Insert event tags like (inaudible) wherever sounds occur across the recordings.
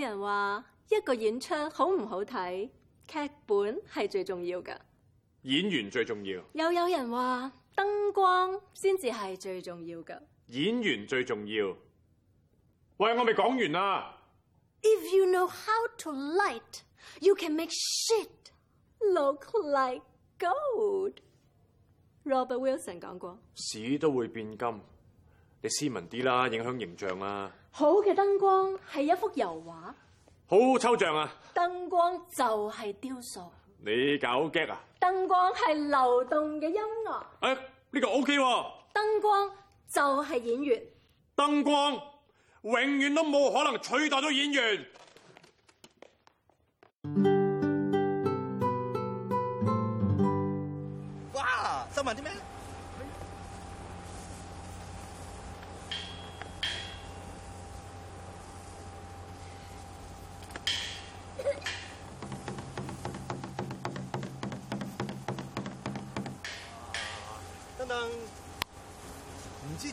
有人話一個演出好唔好睇，劇本係最重要㗎。演員最重要。又有，有人話燈光先至係最重要㗎。演員最重要。喂，我未講完啊。If you know how to light, you can make shit look like gold. Robert Wilson 講過。屎都會變金，你斯文啲啦，影響形象啊。好嘅燈光係一幅油畫，好，好抽象啊！燈光就係雕塑，你搞激啊！燈光係流動嘅音樂，誒，呢個 O K 喎！燈光就係演員，燈光永遠都冇可能取代咗演員。哇！新聞啲咩？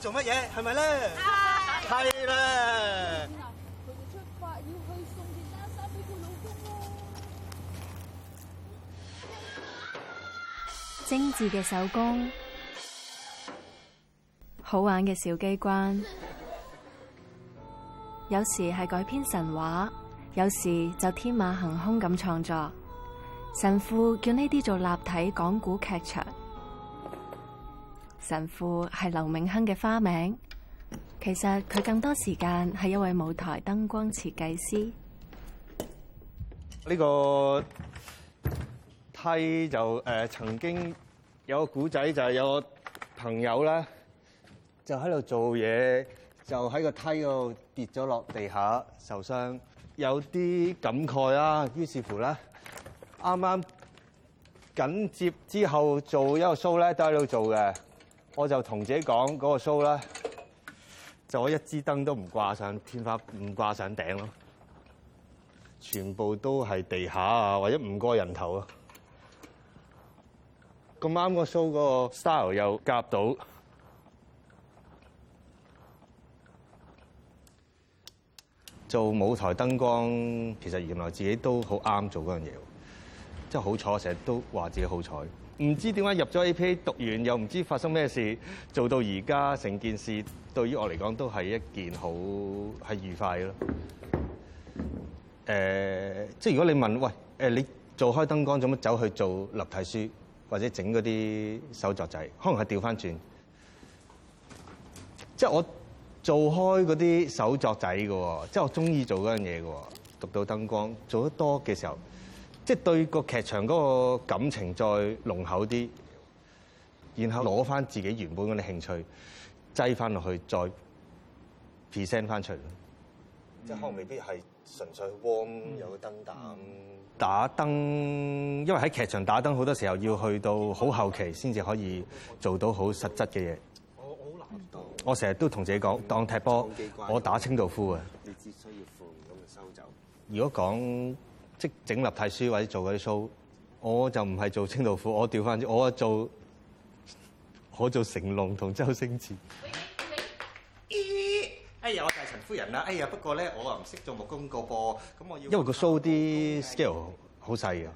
做乜嘢？係咪咧？係啦。精緻嘅手工，好玩嘅小機關，有時係改編神話，有時就天馬行空咁創作。神父叫呢啲做立體講古劇場。神父係劉銘鏗嘅花名，其實佢更多時間係一位舞台燈光設計師。呢、這個梯就誒、呃，曾經有個古仔就係、是、有個朋友咧，就喺度做嘢，就喺個梯嗰度跌咗落地下受傷，有啲感慨啦、啊。於是乎咧，啱啱緊接之後做一個 show 咧，都喺度做嘅。我就同自己講嗰個 show 咧，就我一支燈都唔掛上天花，唔掛上頂咯，全部都係地下啊，或者五個人頭啊，咁啱個 show 嗰個 style 又夾到，做舞台燈光其實原來自己都好啱做嗰樣嘢，真係好彩，我成日都話自己好彩。唔知點解入咗 A.P.A. 讀完又唔知發生咩事，做到而家成件事對於我嚟講都係一件好係愉快咯。誒、呃，即係如果你問喂，誒你做開燈光做乜走去做立體書或者整嗰啲手作仔，可能係調翻轉。即係我做開嗰啲手作仔嘅，即係我中意做嗰樣嘢嘅，讀到燈光做得多嘅時候。即係對個劇場嗰個感情再濃厚啲，然後攞翻自己原本嗰啲興趣，擠翻落去再 present 翻出嚟。即可能未必係純粹 warm 有個燈膽、嗯。打燈，因為喺劇場打燈好多時候要去到好後期先至可以做到好實質嘅嘢。我好難到。我成日都同自己講當踢波，我打清道夫啊。你只需要放咁就收走。如果講整立體書或者做啲 show，我就唔係做清道夫，我調翻，我做我做成龍同周星馳。哎呀，我係陳夫人啦！哎呀，不過咧，我又唔識做木工個噃，咁我要因為個 show 啲 scale 好細㗎，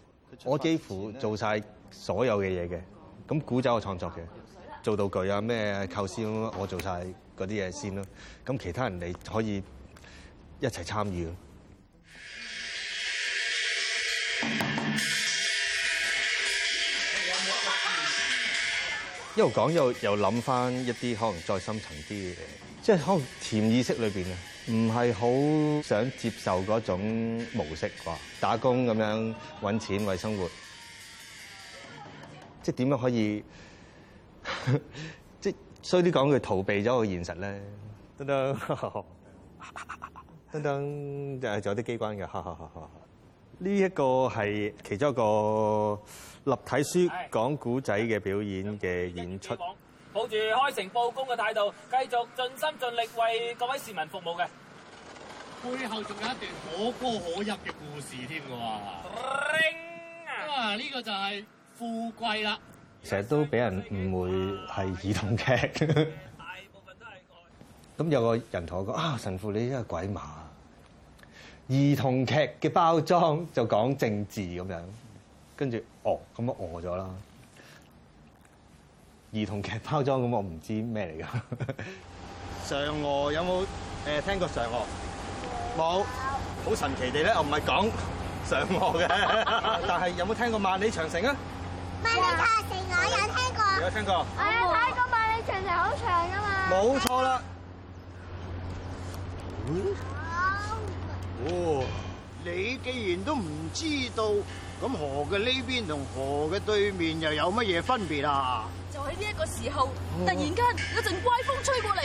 我幾乎做晒所有嘅嘢嘅，咁古仔我創作嘅，做道具啊咩構思咁，我做晒嗰啲嘢先啦，咁其他人你可以一齊參與。一路講又又諗翻一啲可能再深層啲嘅嘢，即係可能潛意識裏面，啊，唔係好想接受嗰種模式啩，打工咁樣揾錢為生活，即係點樣可以，即係衰啲講佢逃避咗個現實咧，噔噔，噔噔就係有啲機關嘅。 (laughs) 呢一個係其中一個立體書講古仔嘅表演嘅演出，抱住開誠佈公嘅態度，繼續盡心盡力為各位市民服務嘅。背後仲有一段可歌可泣嘅故事添㗎喎。啊，呢個就係富貴啦。成日都俾人誤會係兒童劇。 (laughs) 大部分都係。咁有個人同我講啊，神父你真係鬼馬。兒童劇嘅包裝就講政治咁樣，跟住哦咁啊餓咗啦！兒童劇包裝咁我唔知咩嚟㗎。嫦娥有冇誒、呃、聽過嫦娥？冇、嗯，好、嗯、神奇地咧，我唔係講嫦娥嘅，但係有冇聽過萬里長城啊？萬里長城、啊啊、我有聽，有，聽有聽過，有聽過。我有睇過萬里長城好長㗎嘛？冇錯啦。哦，你既然都唔知道，咁河嘅呢邊同河嘅對面又有乜嘢分別啊？就喺呢一個時候，突然間有陣怪風吹過嚟。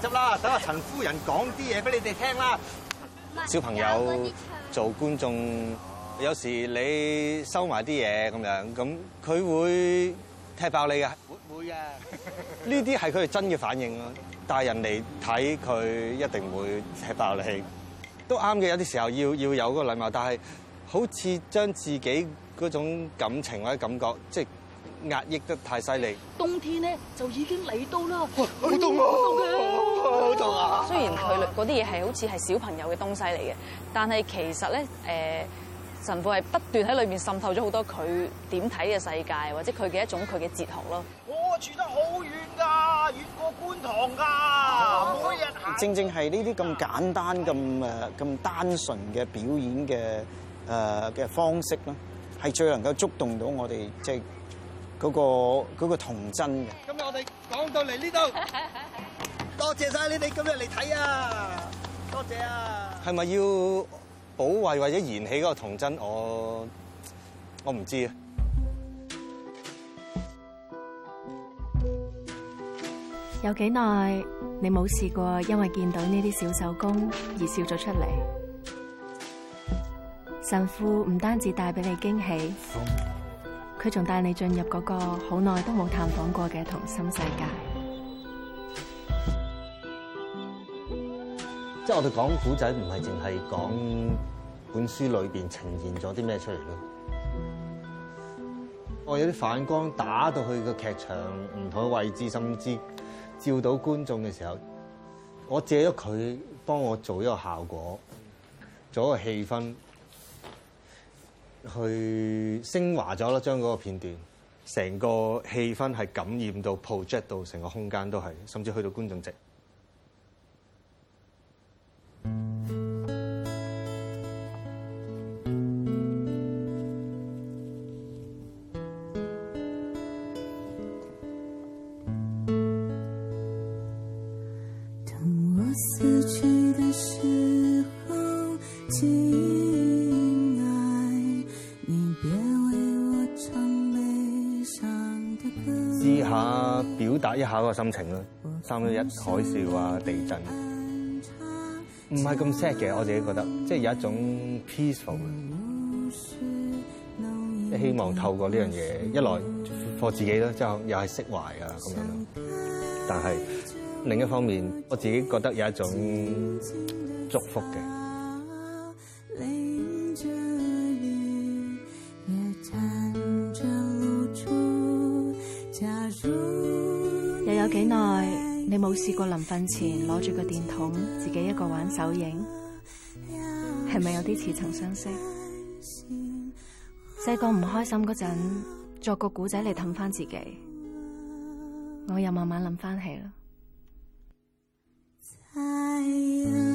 執啦，等阿陳夫人講啲嘢俾你哋聽啦。小朋友做觀眾，有時你收埋啲嘢咁樣，咁佢會踢爆你嘅。會會啊！呢啲係佢哋真嘅反應咯。但係人嚟睇佢一定會踢爆你。都啱嘅，有啲時候要要有個禮貌，但係好似將自己嗰種感情或者感覺，即係。壓抑得太犀利。冬天咧就已經嚟到啦，好凍啊！好凍啊！好凍啊！雖然佢嗰啲嘢係好似係小朋友嘅東西嚟嘅，但係其實咧誒、呃、神父係不斷喺裏面滲透咗好多佢點睇嘅世界，或者佢嘅一種佢嘅哲學咯。我住得好遠㗎，遠過觀塘㗎，啊，每日正正係呢啲咁簡單、咁誒咁單純嘅表演嘅誒嘅方式啦，係最能夠觸動到我哋即係。就是嗰個嗰個童真嘅。今日我哋講到嚟呢度，多謝晒你哋今日嚟睇啊！多謝啊！係咪要保衞或者燃起嗰個童真？我我唔知啊。有幾耐你冇試過因為見到呢啲小手工而笑咗出嚟？神父唔單止帶俾你驚喜。佢仲帶你進入嗰個好耐都冇探訪過嘅童心世界，即係我哋講古仔，唔係淨係講本書裏邊呈現咗啲咩出嚟咯。我有啲反光打到去個劇場唔同嘅位置，甚至照到觀眾嘅時候，我借咗佢幫我做一個效果，做一個氣氛。去升華咗啦，將嗰個片段，成個氣氛係感染到 project 到成個空間都係，甚至去到觀眾席。心情咯，三一一海嘯啊，地震，唔係咁 sad 嘅，我自己覺得，即係有一種 peaceful，希望透過呢樣嘢一來 for 自己咧，即係又係釋懷啊咁樣咯。但係另一方面，我自己覺得有一種祝福嘅。冇試過臨瞓前攞住個電筒，自己一個玩手影，係咪有啲似曾相識？細個唔開心嗰陣，作個古仔嚟氹翻自己，我又慢慢諗翻起啦。嗯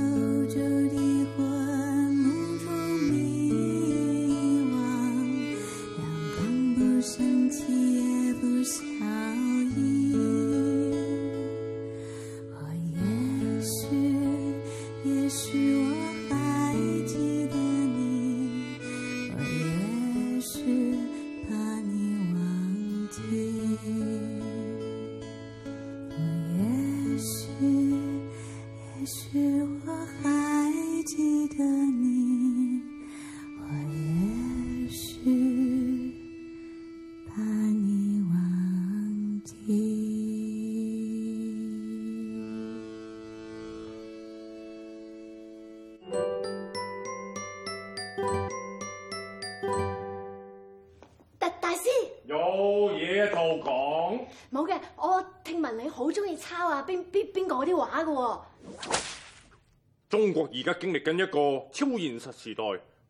中國而家經歷緊一個超現實時代，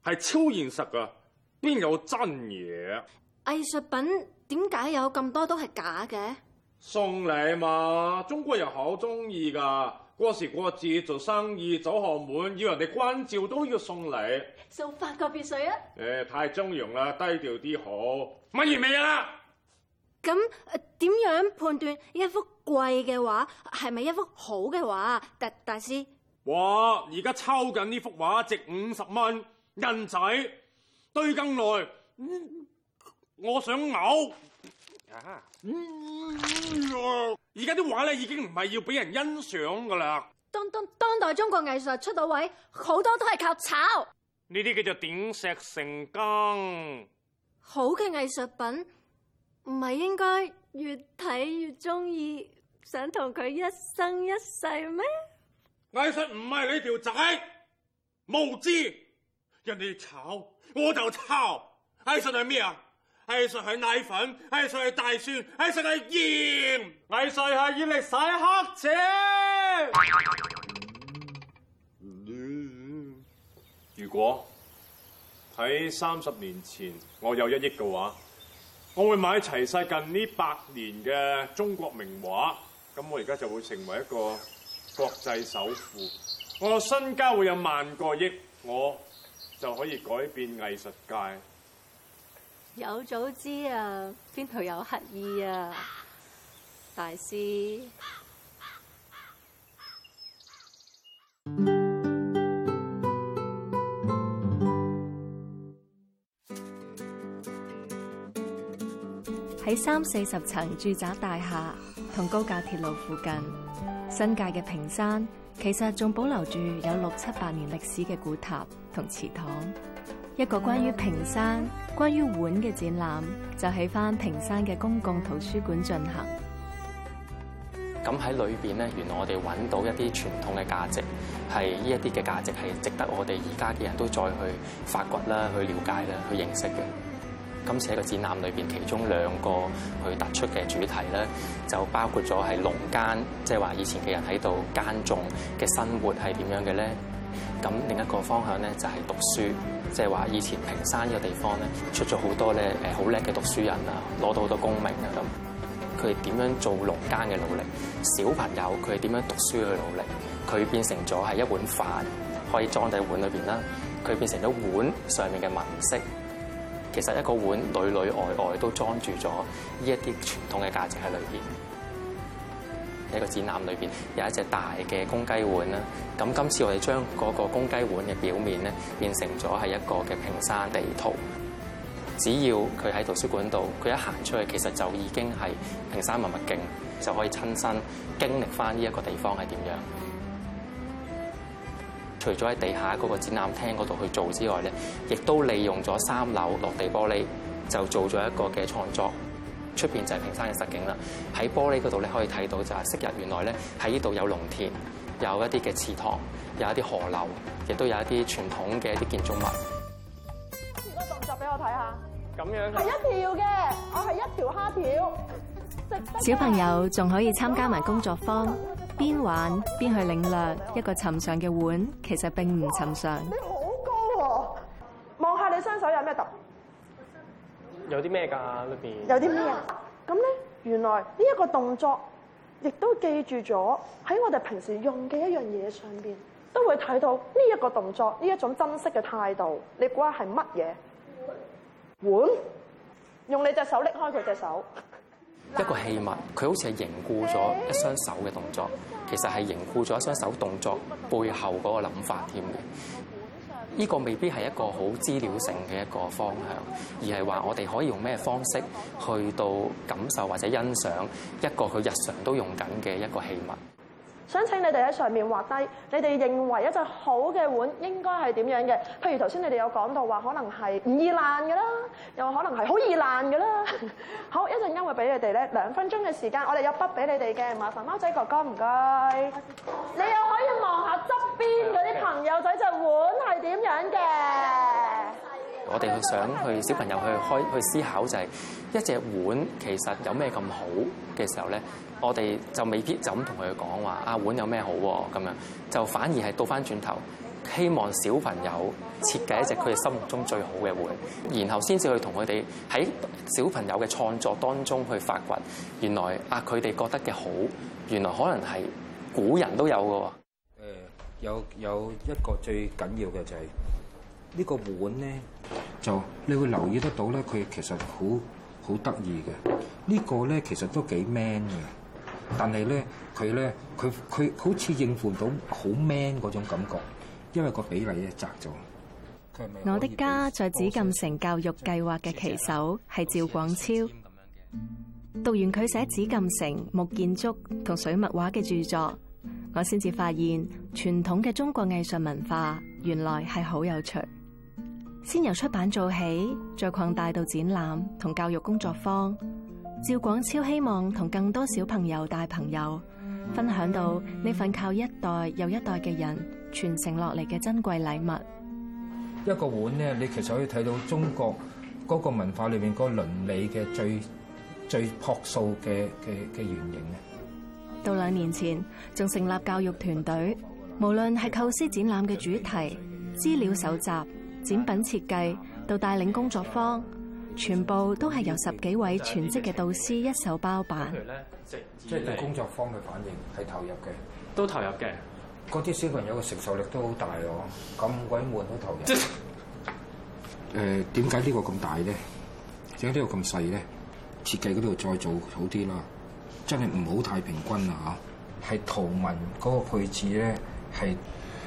係超現實噶，邊有真嘢？藝術品點解有咁多都係假嘅？送禮嘛，中國人好中意噶，過時過節做生意走後門要人哋關照都要送禮。送翻個別墅啊？誒，太張揚啦，低調啲好。乜完未啊？咁點樣，呃，點樣判斷一幅？貴嘅畫係咪一幅好嘅畫？特大師，哇！而家抄緊呢幅畫值五十蚊，印仔堆更耐、嗯，我想嘔。而家啲畫咧已經唔係要俾人欣賞噶啦。當當當代中國藝術出到位，好多都係靠炒。呢啲叫做點石成金。好嘅藝術品唔係應該。越睇越中意，想同佢一生一世咩？藝術唔係你條仔無知，人哋炒我就炒。藝術係咩啊？藝術係奶粉，藝術係大蒜，藝術係鹽，藝術係以力洗黑錢。嗯嗯嗯。如果喺三十年前我有一億嘅話。我會買齊晒近呢百年嘅中國名畫，咁我而家就會成為一個國際首富，我身家會有萬個億，我就可以改變藝術界。有早知啊，邊度有乞意啊，大師。喺三四十層住宅大廈同高架鐵路附近，新界嘅屏山其實仲保留住有六七百年歷史嘅古塔同祠堂。一個關於屏山、關於碗嘅展覽就喺翻屏山嘅公共圖書館進行。咁喺裏邊咧，原來我哋揾到一啲傳統嘅價值，係呢一啲嘅價值係值得我哋而家嘅人都再去發掘啦、去了解啦、去認識嘅。今次喺個展覽裏邊，其中兩個去突出嘅主題咧，就包括咗係農耕，即係話以前嘅人喺度耕種嘅生活係點樣嘅咧？咁另一個方向咧就係、是、讀書，即係話以前屏山呢個地方咧，出咗好多咧誒好叻嘅讀書人啊，攞到好多功名啊咁。佢點樣做農耕嘅努力？小朋友佢點樣讀書去努力？佢變成咗係一碗飯可以裝底碗裏邊啦。佢變成咗碗上面嘅紋飾。其實一個碗裏裏外外都裝住咗呢一啲傳統嘅價值喺裏邊。一個展覽裏邊有一隻大嘅公雞碗啦，咁今次我哋將嗰個公雞碗嘅表面咧變成咗係一個嘅屏山地圖。只要佢喺圖書館度，佢一行出去，其實就已經係屏山文物徑，就可以親身經歷翻呢一個地方係點樣。除咗喺地下嗰個展覽廳嗰度去做之外咧，亦都利用咗三樓落地玻璃，就做咗一個嘅創作。出邊就係屏山嘅實景啦。喺玻璃嗰度咧可以睇到就係昔日原來咧喺呢度有農田，有一啲嘅池塘，有一啲河流，亦都有一啲傳統嘅一啲建築物。動作俾我睇下，咁樣係一條嘅，我係一條蝦條。小朋友仲可以參加埋工作坊。邊玩邊去領略一個尋常嘅碗，其實並唔尋常。你好高喎！望下你雙手有咩特？有啲咩㗎？裏邊？有啲咩？啊？咁咧，原來呢一個動作，亦都記住咗喺我哋平時用嘅一樣嘢上邊，都會睇到呢一個動作，呢一種珍惜嘅態度。你估下係乜嘢？碗。用你隻手拎開佢隻手。一個器物，佢好似係凝固咗一雙手嘅動作，其實係凝固咗一雙手動作背後嗰個諗法添嘅。呢個未必係一個好資料性嘅一個方向，而係話我哋可以用咩方式去到感受或者欣賞一個佢日常都用緊嘅一個器物？想請你哋喺上面畫低，你哋認為一隻好嘅碗應該係點樣嘅？譬如頭先你哋有講到話，可能係唔易爛嘅啦，又可能係好易爛嘅啦。好，一陣間會俾你哋咧兩分鐘嘅時間，我哋有筆俾你哋嘅，麻煩貓仔哥哥唔該。你又可以望下側邊嗰啲朋友仔隻碗係點樣嘅、嗯嗯嗯嗯嗯？我哋去想去小朋友去開去思考就係、是、一隻碗其實有咩咁好嘅時候咧？我哋就未必就咁同佢講話啊。碗有咩好咁、啊、樣就反而係倒翻轉頭，希望小朋友設計一隻佢哋心目中最好嘅碗，然後先至去同佢哋喺小朋友嘅創作當中去發掘原來啊，佢哋覺得嘅好，原來可能係古人都有嘅、啊。誒、呃、有有一個最緊要嘅就係、是、呢、呢個碗咧，就你會留意得到咧，佢其實好好得意嘅呢個咧，其實都幾 man 嘅。但係咧，佢咧，佢佢好似應付到好 man 嗰種感覺，因為個比例咧窄咗。我的家在紫禁城教育計劃嘅旗手係趙廣超。讀完佢寫紫禁城木建築同水墨畫嘅著作，我先至發現傳統嘅中國藝術文化原來係好有趣。先由出版做起，再擴大到展覽同教育工作坊。趙廣超希望同更多小朋友、大朋友分享到呢份靠一代又一代嘅人傳承落嚟嘅珍貴禮物。一個碗咧，你其實可以睇到中國嗰個文化裏邊個倫理嘅最最樸素嘅嘅嘅原型咧。到兩年前仲成立教育團隊，無論係構思展覽嘅主題、資料搜集、展品設計，到帶領工作坊。全部都係由十幾位全職嘅導師一手包辦。即係對工作坊嘅反應係投入嘅，都投入嘅。嗰啲小朋友嘅承受力都好大哦，咁鬼悶，都投入。誒，點、呃、解呢個咁大咧？點解呢個咁細咧？設計嗰度再做好啲啦，真係唔好太平均啦嚇。係圖文嗰個配置咧，係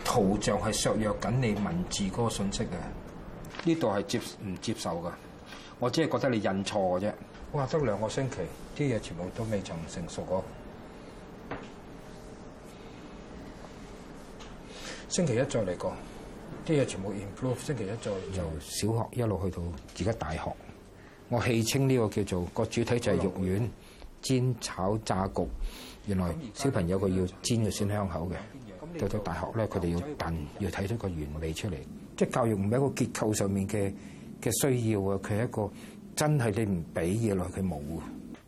圖像係削弱緊你文字嗰個信息嘅。呢度係接唔接受噶？我只係覺得你認錯啫。哇！得兩個星期，啲嘢全部都未曾成熟過。星期一再嚟過，啲嘢全部 include。星期一再由小學一路去到而家大學，我戲稱呢個叫做個主題就係肉丸煎炒炸焗。原來小朋友佢要煎咗先香口嘅、呢個，到咗大學咧佢哋要燉，要睇出個原理出嚟。即係教育唔係一個結構上面嘅。嘅需要啊，佢係一個真係你唔俾嘢落去，佢冇，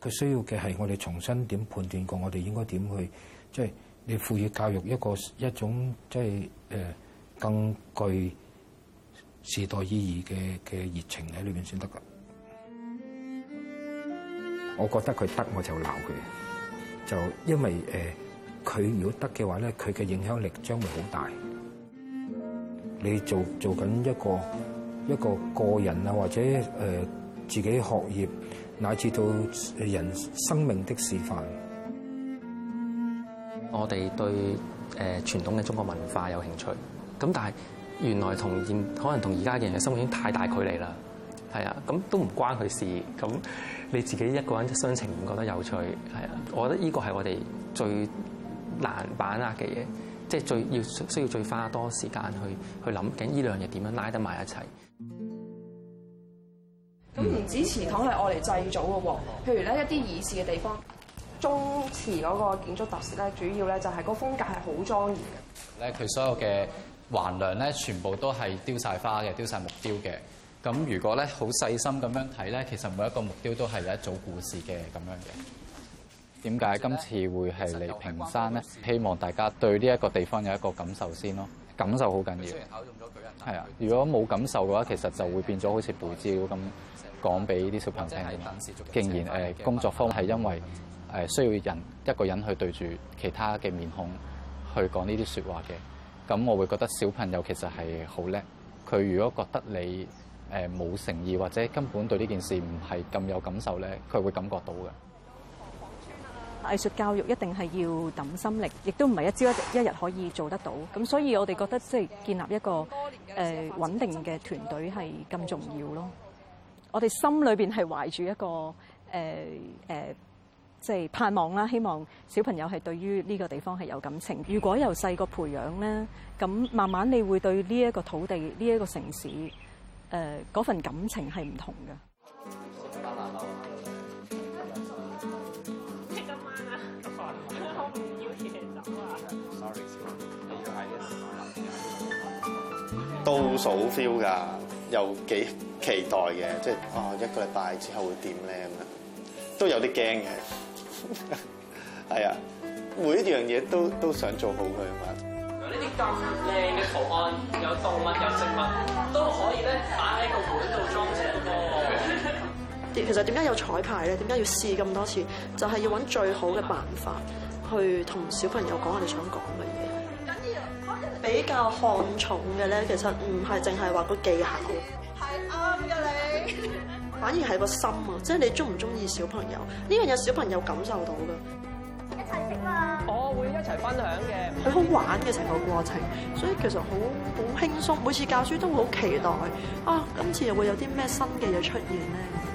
佢需要嘅係我哋重新點判斷過，我哋應該點去，即係你賦予教育一個一種即係誒更具時代意義嘅嘅熱情喺裏邊先得噶。我覺得佢得我就鬧佢，就因為誒，佢如果得嘅話咧，佢嘅影響力將會好大。你做做緊一個。一個個人啊，或者誒、呃、自己的學業，乃至到人生命的示範。我哋對誒傳統嘅中國文化有興趣，咁但係原來同現可能同而家嘅人嘅生活已經太大距離啦，係啊，咁都唔關佢事。咁你自己一個人嘅心情唔覺得有趣，係啊，我覺得呢個係我哋最難把握嘅嘢，即係最要需要最花多時間去去諗，究竟呢兩樣點樣拉得埋一齊。咁唔止祠堂係我嚟祭祖嘅喎，譬如咧一啲儀式嘅地方，宗祠嗰個建築特色咧，主要咧就係個風格係好莊嚴嘅。咧佢所有嘅橫梁咧，全部都係雕晒花嘅，雕晒木雕嘅。咁如果咧好細心咁樣睇咧，其實每一個木雕都係有一組故事嘅咁樣嘅。點解今次會係嚟屏山咧？希望大家對呢一個地方有一個感受先咯。感受好緊要，係啊！如果冇感受嘅話，其實就會變咗好似報招咁講俾啲小朋友聽的。竟然工作坊係因為需要人一個人去對住其他嘅面孔去講呢啲說這些話嘅，咁我會覺得小朋友其實係好叻。佢如果覺得你誒冇、呃、誠意，或者根本對呢件事唔係咁有感受咧，佢會感覺到嘅。藝術教育一定係要揼心力，亦都唔係一朝一日一日可以做得到。咁所以我哋覺得即係建立一個穩定嘅團隊係咁重要咯。我哋心裏面係懷住一個即、呃呃即係、盼望啦，希望小朋友係對於呢個地方係有感情。如果由細個培養咧，咁慢慢你會對呢一個土地、呢、呢、一個城市誒嗰、呃、份感情係唔同嘅。倒數 feel 㗎，又幾期待嘅，即係啊，一個禮拜之後會點咧咁樣，都有啲驚嘅，係啊，每一樣嘢都都想做好佢啊嘛。有呢啲咁靚嘅圖案，有動物有植物，都可以咧擺喺個碗度裝飾喎。其實點解有彩排咧？點解要試咁多次？就係要揾最好嘅辦法去同小朋友講我哋想講嘅。比較看重嘅咧，其實唔係淨係話個技巧，係啱嘅你，反而係個心啊！即係你中唔中意小朋友？呢樣有小朋友感受到㗎，一齊食嘛！我會一齊分享嘅，佢好玩嘅成個過程，所以其實好好輕鬆。每次教書都會好期待啊！今次又會有啲咩新嘅嘢出現咧？